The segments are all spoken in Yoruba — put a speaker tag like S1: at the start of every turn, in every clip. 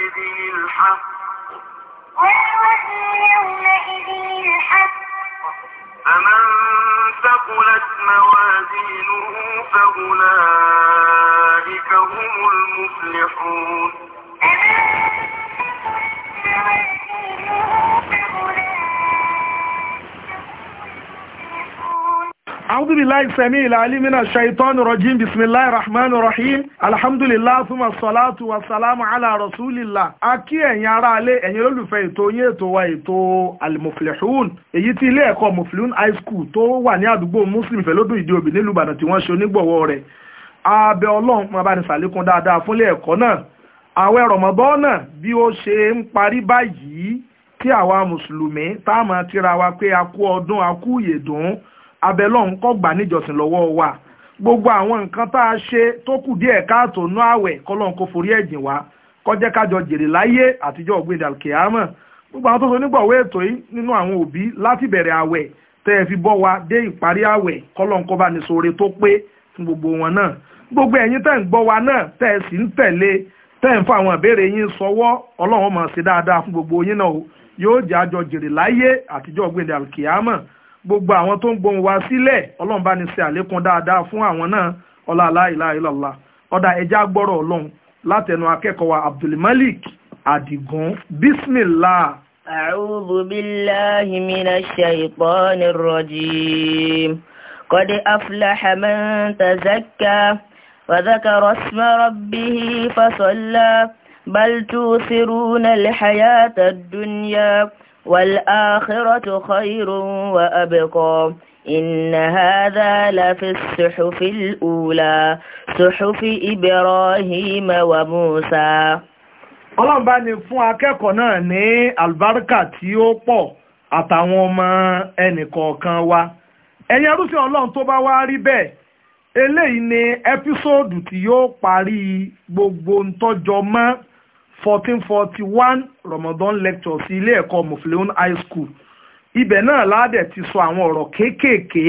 S1: يومئذ الحق والوزن يومئذ الحق فمن ثقلت موازينه فأولئك هم المفلحون فمن ثقلت موازينه أعوذ بالله السميع العليم من الشيطان الرجيم بسم الله الرحمن الرحيم الحمد لله ثم الصلاة والسلام على رسول الله Aki ẹ̀yin ará ilé ẹ̀yin olólùfẹ́ ètò yín ètò wa ètò Al-Muflihun èyí tí ilé ẹ̀kọ́ Muflihun High School tó wà ní àdúgbò Muslim Ìfẹ́lódùn Ìdí Òbí nílùú Ìbàdàn tí wọ́n ṣe onígbọ̀wọ́ rẹ̀ abẹ Ọlọ́run máa bá ní ṣàlékún dáadáa fúnlé ẹ̀kọ́ náà àwẹ̀ Ramadan náà bí ó ṣe ń parí báyìí tí àwa Mùsùlùmí táwọn tíra wa pé a kú ọdún a kú ìyèdùn abẹ́lọ́hún kó gbà níjọsìn lọ́wọ́ wa gbogbo àwọn nǹkan tá a ṣe tó kù díẹ̀ káàtó nú àwẹ̀ kọ́lọ́hún kó forí ẹ̀jìn wa kájọ jèrè láyé àtijọ́ ọ̀gbìn gbogbo àwọn tó so nígbàwé ètò yìí nínú àwọn òbí láti bẹ̀rẹ̀ àwẹ̀ fi bọ́ wa dé ìparí àwẹ̀ kọ́lọ́hún bá ní yóò jẹ́ àjọ jèrè láyé àtijọ́ ọ̀gbìn gbogbo àwọn tó ń gbohùn wá sílẹ̀ ọlọ́run bá ní ṣe àlékún dáadáa fún àwọn náà ọlá la ilaha illallah ọ̀dà ẹja gbọ́rọ̀ ọlọ́run látẹnu akẹ́kọ̀ọ́ wa abdulmalik adigun bismillah. أعوذ بالله من الشيطان الرجيم قد أفلح من تزكى وذكر اسم ربه فصلى بل توثرون الحياة الدنيا والآخرة خير وأبقى إن هذا لفي الصحف الأولى صحف إبراهيم وموسى ọlọ́run bá ní fún akẹ́kọ̀ọ́ náà ní àlùbáríkà tí ó pọ̀ àtàwọn ọmọ ẹnìkọ̀ọ̀kan wa ẹ̀yin arúfin ọlọ́run tó bá wá rí bẹ́ẹ̀ eléyìí ni ẹ́písòòdù tí yóò parí gbogbo ntọ́jọ mọ́ fourteen forty one Ramadan lecture sí ilé ẹ̀kọ́ Mufleon high school ibẹ̀ náà ládẹ̀ ti sọ àwọn ọ̀rọ̀ kéékèèké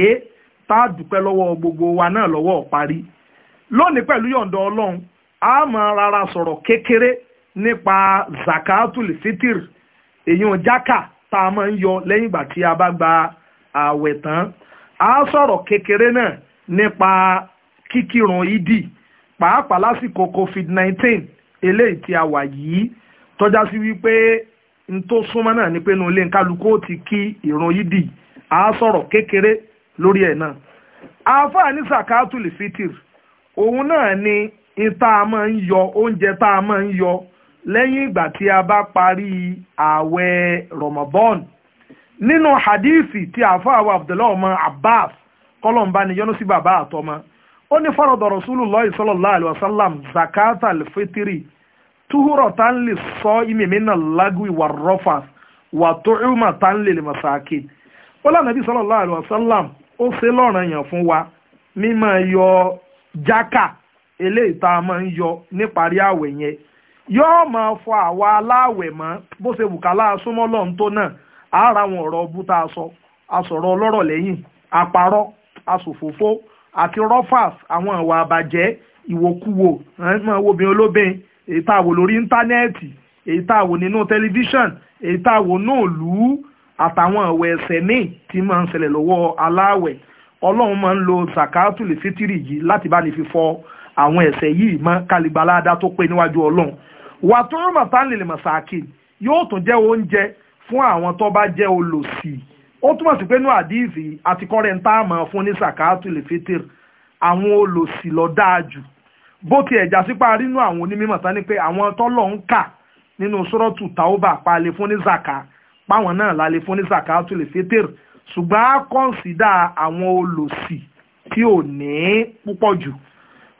S1: tá a dúpẹ́ lọ́wọ́ gbogbo wa náà lọ́wọ́ parí lónìí pẹ̀lú yọ̀ǹda Ọlọ́run a máa rárá sọ̀rọ̀ kékeré nípa zakatul fitr èyàn jákà tá a máa ń yọ lẹ́yìn ìgbà tí a bá gba ààwẹ̀ tán a sọ̀rọ̀ kékeré náà nípa kíkírun ìdí pàápàá lásìkò covid nineteen eléyìí tí a wà yìí tọ́já sí wípé n tó súnmọ́ náà ni pé nu ilé nkálukú ó ti kí ìrun yìí dì á sọ̀rọ̀ kékeré lórí ẹ̀ náà àáfàá ní sàkáàtù lè fitir òun náà ni ìta máa ń yọ oúnjẹ tá a máa ń yọ lẹ́yìn ìgbà tí a bá parí ààwẹ̀ Ramadan nínú hadithi tí àáfàá wa Abdullahi ọmọ Abbas kọ́lọ́mbá ni yọ́nú sí bàbá àtọmọ. ó ní farada Rasulullahi sallallahu alaihi wasallam zakata alfitiri tuhuro tanli sọ imi mina lagwi wa rọfas wa tuuma tanli lè masakin ó lànàbí sallallahu alaihi wasallam ó ṣe lọ́ranyàn fún wa mímọ yọ jaka eléyìí tá a máa ń yọ níparí àwẹ̀ yẹn yóò máa fọ àwa aláwẹ̀ mọ́ bó ṣe bùkálá súnmọ́ lọ́n tó náà àárà àwọn ọ̀rọ̀ ọbú tá a sọ asọ̀rọ̀ ọlọ́rọ̀ lẹ́yìn àparọ́ asòfófó àti rọ́fàs àwọn ìwà àbàjẹ́ ìwòkuwò máa wo obìnrin olóbìn èyí tá a wò lórí íńtánẹ́ẹ̀tì èyí tá a wò nínú tẹlifíṣàn èyí tá a wò náà lù ú àtàwọn ọ̀wẹ̀ ẹ̀sẹ̀ míì tí máa ń ṣẹlẹ̀ lọ́wọ́ aláwẹ̀ ọlọ́run máa ń lo sàkáàtù lè fitiri yìí láti bá ní fífọ àwọn ẹ̀sẹ̀ yìí mọ́ kálíbaláàdá tó pé níwájú ọlọ́run wà tó rọ́mọ̀tán yóò tún jẹ́ oúnjẹ fún àwọn tó bá jẹ́ olòṣì ó túmọ̀ sí pé ní àdíìsì àti kọ́rẹ́ńtà máa fún ní sàkáàtù lè fẹ́tẹ̀r àwọn olòṣì lọ dáa jù bó ti ẹ̀já sípa rínú àwọn onímọ̀ ni pé àwọn tọ́lọ̀ ń kà nínú sọ́rọ́tù tàóbà palẹ̀ fún ní zaka páwọn náà lálẹ́ fún ní sàkáàtù lè fẹ́tẹ̀r ṣùgbọ́n á kọ́ǹsìdá àwọn olòṣì tí ò ní púpọ̀ jù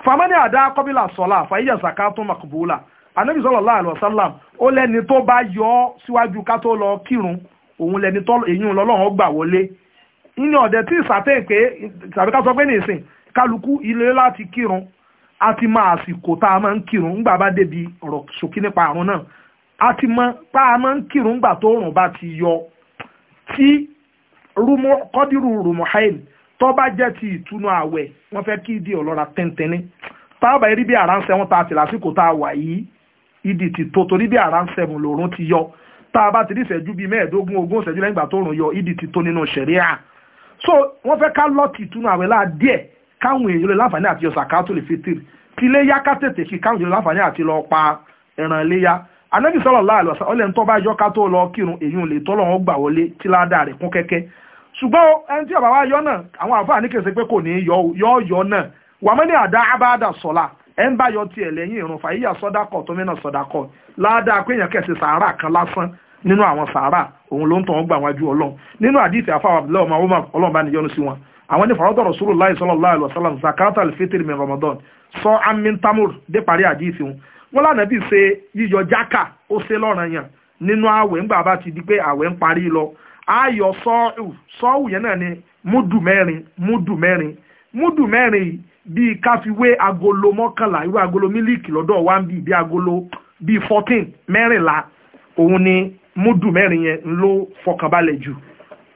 S1: famani àdá kọ́bílà sọ́lá fàyíyà sàkáàtù makbúlà anábìsọ̀lọ́lá àlùwàsálàm ó lẹ́ni tó bá yọ síwájú ká lọ kírun òun lẹni tọ́ èyí lọ́lọ́run gbà wọlé nínú ọ̀dẹ tí ìsàtẹ́ pé tàbí ká sọ pé nìsín kálukú ilé láti kírun a ti mọ àsìkò tá a máa ń kírun ńgbà bá débi ọ̀rọ̀ ṣókí nípa àrùn náà a ti mọ tá a máa ń kírun ńgbà tó rùn bá ti yọ tí rúmọ kọ́dírù rùmọ haim tó bá jẹ́ ti ìtúnu ààwẹ̀ wọ́n fẹ́ kí ìdí ọ̀lọ́ra tẹ́ntẹ́ní táàbà rí bí àránṣẹ́ wọn ta àti lásìkò tá a wà yìí ìdì ti tó torí bí àránṣẹ́ mu lòrùn ti yọ tá a bá ti rí ìṣẹ́jú bíi mẹ́ẹ̀ẹ́dógún ogún ìṣẹ́jú lẹ́yìn ìgbà tó rùn yọ ìdí e ti tó nínú ṣẹ̀ríà so wọ́n fẹ́ ká lọ́ọ̀tì ìtúnu àwẹ̀ láà díẹ̀ káwọn èèyàn lè láǹfààní àti ọ̀sà ká tó lè fitiri tí ilé yá ká tètè kí káwọn èèyàn láǹfààní àti lọ pa ẹran ilé yá anábì sọ̀rọ̀ láàlọ́ ọlẹ́ ń tọ́ bá yọ ká tó lọ kírun èyí lè tọ́lọ̀ wọn gbà wọlé tí ládàá rẹ̀ kún kẹ́kẹ́ ṣùgbọ́n ẹni tí àbáwá yọ náà àwọn àǹfààní kèsè ẹ ń báyọ tiẹ̀ lẹ́yìn ìrun fàyíyà sọ́dákọ̀ tó mẹ́nà sọ́dákọ̀ ládàá pé èèyàn kẹsì sàárà kan lásán nínú àwọn sàárà òun ló ń tàn gbà wájú ọlọ́run nínú àdìsí àfáwà abdullahi ọmọ ọmọ ọlọ́run bá níyọnu sí wọn àwọn ní faradà rasulullahi sallallahu alaihi wasallam zakata alfitri min ramadan sọ amin tamur dé parí àdìsí wọn wọn lànà bí ṣe yíyọ jáka ó ṣe lọ́ràn yàn nínú àwẹ̀ ńgbà bá ti di pé àwẹ̀ ń parí lọ ayọ̀ sọ́ọ̀hù sọ́ọ̀hù ni bíi káfíwé agolo mọ́kànlá irú agolo mílíìkì lọ́dọ̀ wa ń bì bí agolo bíi fourteen mẹ́rìnlá òun ni múdù mẹ́rin yẹn ń ló fọkànbalẹ̀ jù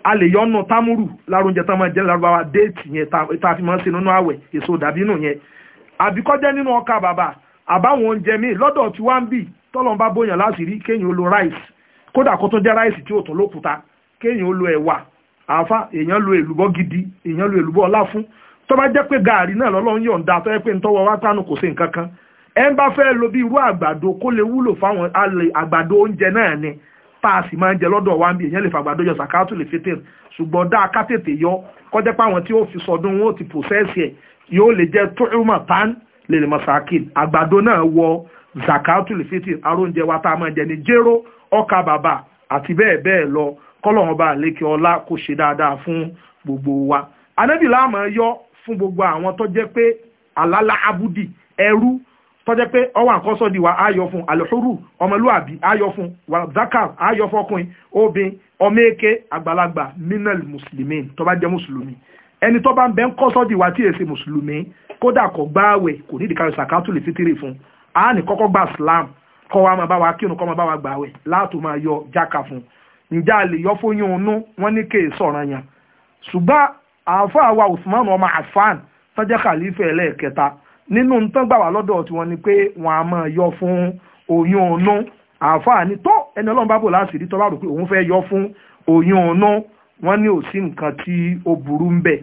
S1: a lè yọnu támúrù lárúnjẹ tá máa jẹ lárúbáwá déètì yẹn tá a fi máa ń ṣe nínú àwẹ̀ èso dàbínù yẹn àbíkọ́jẹ́ nínú ọkà bàbà àbáwọn oúnjẹ míì lọ́dọ̀ tí wá ń bì tọ́lọ́n bá bóyàn láti rí kéèyàn ó lo ráìsì kódà kó tó jẹ́ ráìsì tí ò tún lókùúta kéèyàn ó lo ẹ̀wà àáfà èèyàn lo èlùbọ́ gidi èèyàn lo èlùbọ́ ọlá fún tó bá jẹ́ pé gàárì náà lọ́lọ́run yọ̀ǹda tó yẹ pé ntọ́wọ́ wá pánù kò sí nǹkan kan ẹ ń bá fẹ́ lo bí irú àgbàdo kó lè wúlò fáwọn àgbàdo oúnjẹ náà ni tá a sì máa ń jẹ lọ́dọ̀ wa ń bí èèyàn lè fàgbàdo yọ sàkáàtù lè fètè ṣùgbọ́n dáa ká tètè yọ kọjá pé àwọn tí ó fi sọdún wọn ó ti pòṣẹ́ẹ̀sì ẹ̀ yóò lè jẹ́ tóhùmọ̀ tán lè lè mọ̀sákìn àgbàdo náà wọ sàkáàtù lè fètè aróúnjẹ wa tá a máa jẹ ní jéró ọkà bàbà àti bẹ́ẹ̀ bẹ́ẹ̀ lọ kọ́lọ́run bá lékè ọlá kó ṣe dáadáa fún gbogbo wa anábìlá àmọ́ yọ fún gbogbo àwọn tó jẹ́ pé alálà abudi ẹrú tó jẹ́ pé ọwọ́ àkọ́sọ́ di wa ayọ̀ fún alùhùrù ọmọlúàbí ayọ̀ fún wa zakar ayọ̀ fọkùnrin obìnrin ọmọ èké àgbàlagbà minal mùsùlùmí tó bá jẹ́ mùsùlùmí ẹni tó bá ń bẹ́ ń kọ́sọ́ di wa tí èsì mùsùlùmí kódà kò gbáwẹ̀ kò ní ìdíkàwé sàkátù lè fitiri fún a ní kọ́kọ́ gba Islam kọ́ wa máa bá wa kírun kọ́ máa bá wa gbàwẹ̀ láàtò máa yọ jáka fún ǹjẹ́ a lè yọ fóyún inú wọn ní kéè sọ̀ràn yẹn ṣùgbọ́n àáfàá wa Usman ọmọ Affan tọ́jẹ́ khalifa ẹlẹ́ẹ̀kẹta nínú tán gbà wá lọ́dọ̀ tiwọn ni pé wọ́n á máa yọ fún oyún ọ̀nà àáfàá ni tó ẹni ọlọ́run bá bò láti rí tọ́lá rò pé òun fẹ́ yọ fún oyún ọ̀nà wọ́n ní ò sí nǹkan tí ó burú ń bẹ̀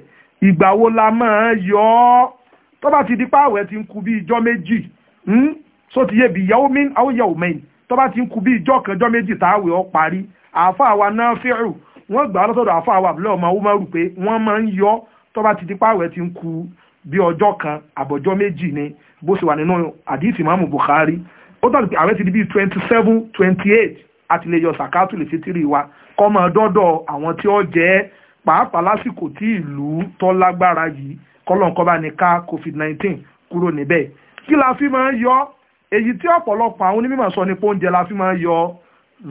S1: ìgbà wo la máa yọ ọ́ tó ti di páàwẹ̀ ti ń ku bí ijọ́ méjì hmm? so ti yé bi yawmin aw yawmayn tó bá ti ń ku bí ijọ́ kan ijọ́ méjì táwẹ̀ ó parí àáfàá wa Nafi'u wọ́n gbà lọ́sọ̀dọ̀ àfọ àwọn àbúlé ọmọ umaru pé wọ́n máa ń yọ tó bá ti di páwẹ̀ ti ń ku bí ọjọ́ kan àbọ̀jọ́ méjì ni bó ṣe wà nínú àdìsí Ìmáàmù Bukhari ó dàbí àwẹ̀ ti di bíi twenty seven twenty eight àtìlẹyọ sàkátù lè fitiri wa kọ́ máa dọ́dọ̀ àwọn tí ó jẹ́ pàápàá lásìkò tí ìlú tó lágbára yìí kọ́lọ́nkọ́ bá ní ká covid nineteen kúrò níbẹ̀ kí la fi máa yọ èyí tí ọ̀pọ̀lọpọ̀ àwọn onímọ̀ sọ nípa oúnjẹ la fi máa yọ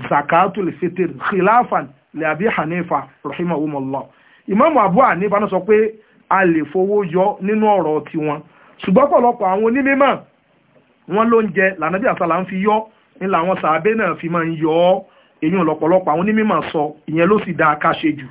S1: zakatul fitr khilafan lè àbí hanifa rahimahumullah ìmáàmù abu hanifa náà sọ pé a lè fowó yọ nínú ọ̀rọ̀ tiwọn ṣùgbọ́n pọ̀lọpọ̀ àwọn onímọ̀ wọn ló ń jẹ lànàbí àsálà ń fi yọ ní làwọn sàábé náà fi máa ń yọ ọ́ èyí lọ̀pọ̀lọpọ̀ àwọn onímọ̀ sọ ìyẹn ló sì dáa ká ṣe jù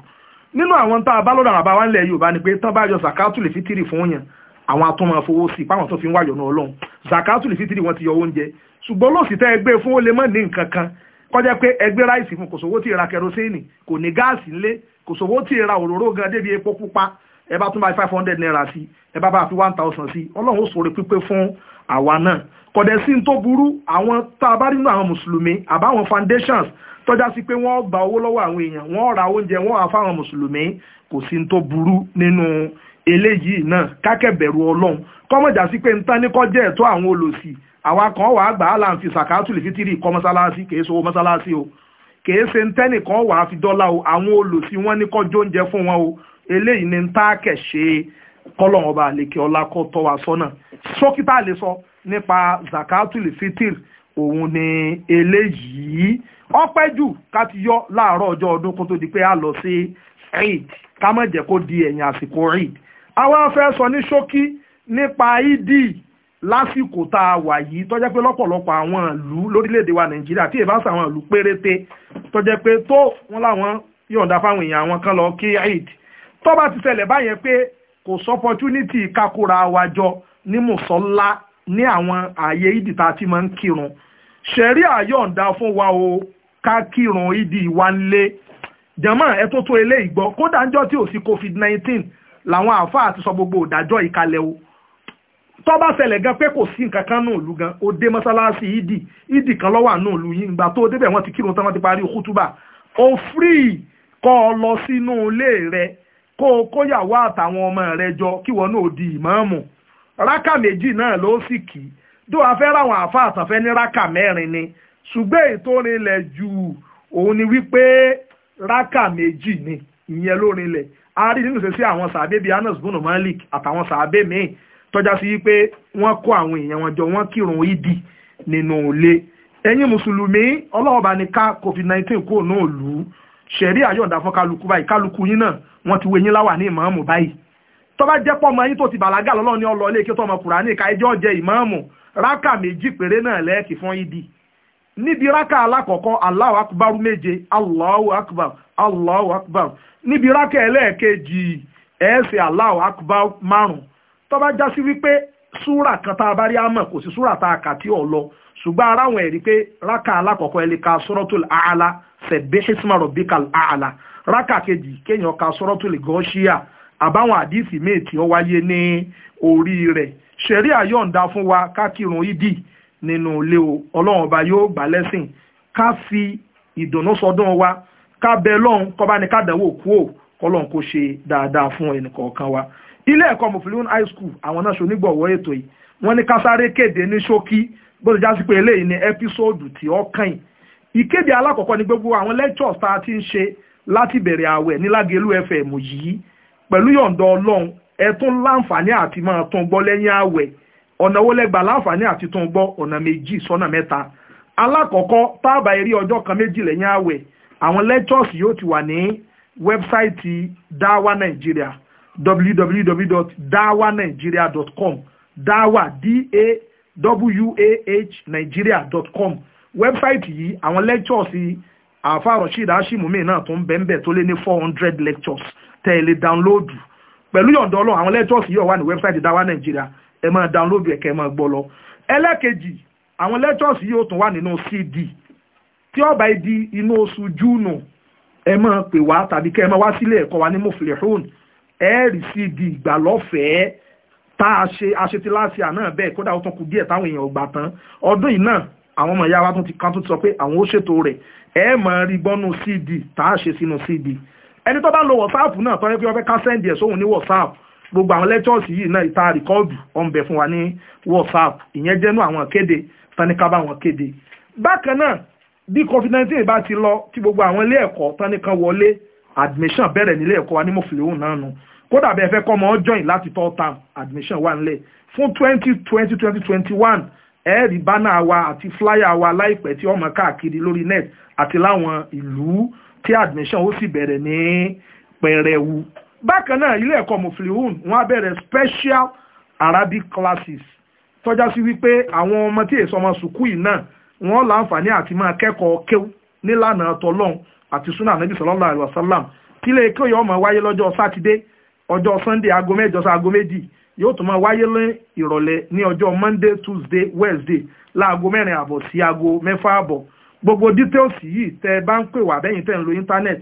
S1: nínú àwọn tá a bá lọ́dọ̀ àbá wa ń lẹ̀ yorùbá ni pé tán bá yọ zakatu lè fi fún yẹn àwọn atúmọ̀ fowó sí páwọn tó fi ń wáyọ̀ náà ọlọ́run zakatu lè fi wọn ti yọ oúnjẹ ṣùgbọ́n lọ́sì tẹ́ ẹ fún ó lè mọ̀ ní nǹkan kan kọjá pé ẹgbẹ́ ráìsì fún kò sówó tí ì ra kẹrosíìnì kò ní gáàsì ńlé kò sówó tí ra òróró gan débi epo pupa ẹ bá tún bá five hundred naira sí ẹ bá bá fi one thousand sí ọlọ́run ó ṣoore pípé fún àwa náà kọ̀dẹ̀ sí tó burú àwọn tá a bá rí nínú àwọn mùsùlùmí àbáwọn foundations tọ́já sí pé wọ́n gba owó lọ́wọ́ àwọn èèyàn wọ́n ra oúnjẹ wọ́n wà fáwọn mùsùlùmí kò sí tó burú nínú eléyìí náà kákẹ́bẹ̀rù ọlọ́run kọ́mọ̀jà sí pé ń tán ní kọ́jẹ́ ẹ̀tọ́ àwọn olòṣì àwa kan wàá gbà á là ń fi sàkátùlì fitiri kọ́ mọ́sálásí kìí ṣe owó mọ́sálásí o kìí ṣe ń tẹ́nìkan wàá fi dọ́là o àwọn olùsí wọn ní kọjọ́ oúnjẹ fún wọn o eléyìí ni ń tá a kẹ̀ ṣe kọ́lọ̀n ọba àlekè ọlá kó tọ́ wa sọ́nà sókítà lè sọ nípa sàkátùlì fitiri òun ni eléyìí ọpẹ́ jù ká ti yọ láàárọ̀ ọjọ́ ọdún kó tó di pé a lọ sí eid ká má kó di ẹ̀yìn àsìkò eid àwa fẹ́ sọ ní ṣókí nípa eid lásìkò tá a wà yìí tó jẹ́ pé lọ́pọ̀lọpọ̀ àwọn ìlú lórílẹ̀‐èdè wa nàìjíríà tí èèbá sọ àwọn ìlú péréte tó jẹ́ pé tó wọn láwọn yọ̀ǹda fáwọn èèyàn àwọn kan lọ kí eid tó bá ti ṣẹlẹ̀ báyẹn pé kò sọ opportunity kakura wa jọ ní mùsọ́lá ní àwọn ààyè ìdì tá a ti máa ń kírun ṣẹ̀rí àyọ̀ǹda fún wa o ká kírun ìdì wa ń lé jẹ̀mọ́ ẹ tó tó eléyìí gbọ́ kódà ń jọ́ tí ò sí covid nineteen làwọn àáfàá ti sọ gbogbo ìdájọ́ ìkalẹ̀ o tó bá ṣẹlẹ̀ gan pé kò sí nǹkan kan náà lù gan ó dé mọ́sálásí ìdì ìdì kan lọ́wọ́ àná òlu yìí ìgbà tó débẹ̀ wọ́n ti kírun tán wọ́n ti parí òkútùbà ó fírì kọ́ ọ lọ sínú ilé rẹ kó o kóyàwó àtàwọn ọmọ rẹ jọ kí wọn náà di ìmáàmù rákà méjì náà ló sì kì í dó afẹ́ ráwọn àfa àtànfẹ́ ní rákà mẹ́rin ni ṣùgbọ́n ètò rinlẹ̀ ju òun ni wípé rákà méjì ni ìyẹn ló rinlẹ̀ a rí nínú ìṣesí àwọn sàbẹ̀ bíi bunu Malik àtàwọn sàbẹ̀ míì tọ́já sí wípé wọ́n kó àwọn èèyàn wọn jọ wọ́n kírun ìdí nínú ilé ẹ̀yin mùsùlùmí ọlọ́wọ́ bá ká covid-19 kúrò náà lù ú ṣẹ̀rí àyọ̀ǹda fún kálukú báyìí kálukú yín náà wọ́n ti wé yín láwà ní ìmáàmù báyìí tọ́ba jẹ́ pọ́mọ yín tó ti bàlágà lọ́lọ́ ní ọlọ́ ilé kí tọ́mọ kùránì ká ẹjọ́ jẹ ìmáàmù rákà méjì péré náà lẹ́ẹ̀kì fún ìdí níbi rákà alákọ̀ọ́kọ́ Allahu akbar méje Allahu akbar Allahu akbar níbi rákà ẹlẹ́ẹ̀kejì ẹ̀ẹ́sì Allahu akbar márùn-ún tó bá já sí wípé súrà kan tá a bá rí àmọ́ kò sí súrà tá a kà tí ò lọ ṣùgbọ́n ara àwọn ẹ̀rí pé rákà alákọ̀ọ́kọ́ ẹni ka suratul àlà sabbihisma rabbikal àlà rákà kejì kéèyàn ka suratul gọ́ṣíà àbáwọn àdìsí míì tí ó wáyé ní orí rẹ̀ ṣẹ̀rí àyọ̀ǹda fún wa ká kírun ìdí nínú ilé o ọlọ́run ọba yóò gbà lẹ́sìn ká fi ìdùnnú sọdún wa ká bẹ lọ́hùn kọ́ba ni ká dánwò kú ò kọ́lọ́hùn kó ṣe dáadáa fún ẹnìkọ̀ọ̀kan wa ilé ẹ̀kọ́ mufiliun high school àwọn náà ṣonígbọ̀wọ́ ètò yìí wọ́n ní kásáré kéde ní ṣókí bó ti já sí pé eléyìí ní ẹ́písòdù tí ó kàn yìí ìkéde alákọ̀ọ́kọ́ ní gbogbo àwọn lectures tá a ti ń ṣe láti bẹ̀rẹ̀ ààwẹ̀ ní Lágelú FM yìí pẹ̀lú yọ̀ǹda ọlọ́run ẹ tún láǹfààní àti máa tún gbọ́ lẹ́yìn ààwẹ̀ ọ̀nà owó lẹ́gbàá láǹfààní àti tún gbọ́ ọ̀nà méjì sọ́nà mẹ́ta alákọ̀ọ́kọ́ táàbà eré ọjọ́ kan méjì lẹ́yìn ààwẹ̀ àwọn lectures yóò ti wà ní wẹ́bsáìtì Dáwà Nàìjíríà www.dawanigeria.com dawa d-a-w-a-h nigeria.com wẹ́bsáìtì yìí àwọn lectures àáfàá rashid ashimumi náà tó ń bẹ́ńbẹ́ tó lé ní four hundred lectures tẹ́ ẹ lè dáńlóòdù pẹ̀lú yọ̀ǹda ọlọ́run àwọn lectures yìí ó wà ní wẹ́bsáìtì dawa nigeria. ẹ máa dáńlóòdù ẹ̀kẹ́ ẹ máa gbọ́ lọ. ẹlẹ́kejì àwọn lectures yìí ó tún wà nínú cd tí ó bá di inú oṣù júùnù ẹ máa pè wá tàbí kẹ́ ẹ máa wá sílé ẹ̀kọ́ wa ní muflihun ẹ̀ẹ́rì sí di ìgbàlọ́fẹ̀ẹ́ tá a ṣe aṣetiláṣẹ àná bẹ́ẹ̀ kódà ó tún kù díẹ̀ táwọn èèyàn ò gbà tán ọdún yìí náà àwọn ọmọ ìyá wa tún ti kan tún ti sọ pé àwọn ó ṣètò rẹ̀ ẹ máa rí gbọ́nú cd tá a ṣe sínú cd ẹni tó bá lo whatsapp náà tọ́jú pé wọ́n fẹ́ ká sẹ́ndì ẹ̀ sóhun ní whatsapp gbogbo àwọn lectures yìí náà ìta rìkọ́ọ̀dù ọ̀nbẹ fún wa ní whatsapp ìyẹn jẹ́nu àwọn kéde táníkà bá wọn kéde bákan náà bí covid nineteen bá ti lọ tí gbogbo àwọn ilé ẹ̀kọ́ táníkà wọlé admission bẹ̀rẹ̀ nílé ẹ̀kọ́ wa ní mọ̀fìlẹ́hùn náà nu kódà bẹ́ẹ̀ fẹ́ kọ́ ọmọ join láti third term admission wà nílẹ̀ fún twenty twenty twenty twenty one ẹ̀ẹ́rì bánà wa àti flyer wa láìpẹ́ tí ọmọ káàkiri lórí net àti láwọn ìlú tí admission ó sì bẹ̀rẹ̀ ní pẹrẹwu bákan náà ilé ẹ̀kọ́ mọ̀fìlẹ́hùn wọn á bẹ̀rẹ̀ special Arabic classes tọ́já sí wípé àwọn ọmọ tí èso ọmọ sùkúù yìí náà wọ́n láǹfààní àti máa kẹ́kọ̀ọ́ kéw nílànà tọ́lọ́hún àti súnà ànábì sallallahu alaihi wasallam kílé kí yóò máa wáyé lọ́jọ́ sátidé ọjọ́ sunday aago mẹ́jọ sí aago méjì yóò tún máa wáyé ní ìrọ̀lẹ́ ní ọjọ́ monday tuesday wednesday láago mẹ́rin àbọ̀ sí aago mẹ́fà àbọ̀ gbogbo details yìí tẹ́ ẹ bá ń pè wá bẹ́yìn tẹ́ ń lo internet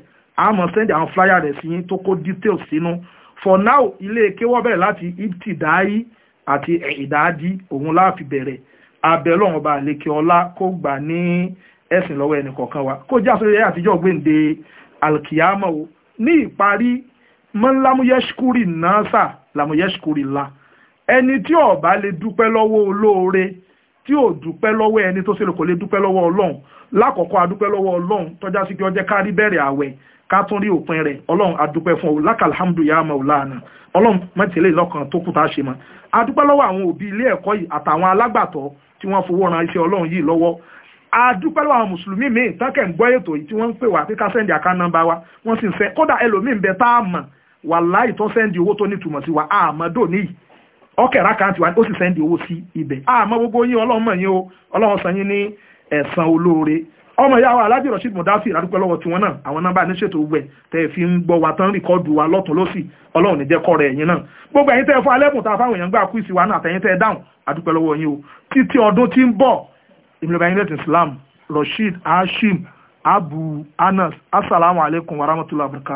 S1: àmọ́ send àwọn flyer rẹ̀ sí yín tó kó details sínú for now ilé kéwọ́ bẹ̀rẹ̀ láti ibtidayi àti ìdádi òun láàfi bẹ̀rẹ̀ abẹ́lọ́wọ́n ọba àlekè ọlá kó gbà ní ẹ̀sìn lọ́wọ́ ẹnì kọ̀ọ̀kan wa kó jẹ́ àsọyẹ àtijọ́ gbèǹde alkiyama o ní ìparí man lamuyẹ́ṣkúrì nasa lamuyẹ́ṣkúrì la ẹni tí ó bá lè dúpẹ́ lọ́wọ́ olóore tí ò dúpẹ́ lọ́wọ́ ẹni tó ṣe lè kò lè dúpẹ́ lọ́wọ́ ọlọ́run lákọ̀ọ́kọ́ adúpẹ́ lọ́wọ́ ọlọ́run tọ́já sí kí ọjẹ́ kárí bẹ̀rẹ̀ àwẹ̀ ká tún rí òpin rẹ̀ ọlọ́run adúpẹ́ fún ọ lákàlhámdù yá maulana ọlọ́run mẹ́tẹ̀lẹ́ lọ́kàn tó kù ṣe mọ́ adúpẹ́ lọ́wọ́ àwọn òbí ilé ẹ̀kọ́ yìí àtàwọn alágbàtọ́ tí wọ́n fowó ran iṣẹ́ ọlọ́run yìí lọ́wọ́ àdúpẹ́ lọ́wọ́ àwọn mùsùlùmí míì tọ́kẹ̀ ń gbọ́ ètò yìí tí wọ́n ń pè wá pé ká sẹ́ndì àkán nọ́mbà wa wọ́n sì ń fẹ́ kódà ẹlòmíì bẹ tá a mọ̀ wà láì tó sẹ́ndì owó tó nítumọ̀ sí wa àmọ́ dò níyì ọkẹ̀ rákàntì wa ó sì sẹ́ndì owó sí ibẹ̀ àmọ́ gbogbo yín ọlọ́mọ yín o ọlọ́wọ́n san yín ní ẹ̀san olóore ọmọ ìyá wa alájì rashid mudafi àdúpẹ́ lọ́wọ́ tiwọn náà àwọn nọ́mbà níṣètò gbẹ tẹ́ ẹ fi ń gbọ́ wa tán rìkọ́dù wa lọ́tún lọ́sì ọlọ́run ní jẹ́kọ́ rẹ̀ ẹ̀yìn náà gbogbo ẹ̀yin tẹ́ ẹ fún alẹ́bùn tá a fáwọn èèyàn gbà kú ìsìwà náà àtẹ̀yìn tẹ́ ẹ dáhùn àdúpẹ́ lọ́wọ́ yín o títí ọdún tí ń bọ̀ ìmìlẹ̀bàyìnlẹ̀ islam rasheed hashim abu anas assalamu alaikum warahmatullahi wabarakatuh.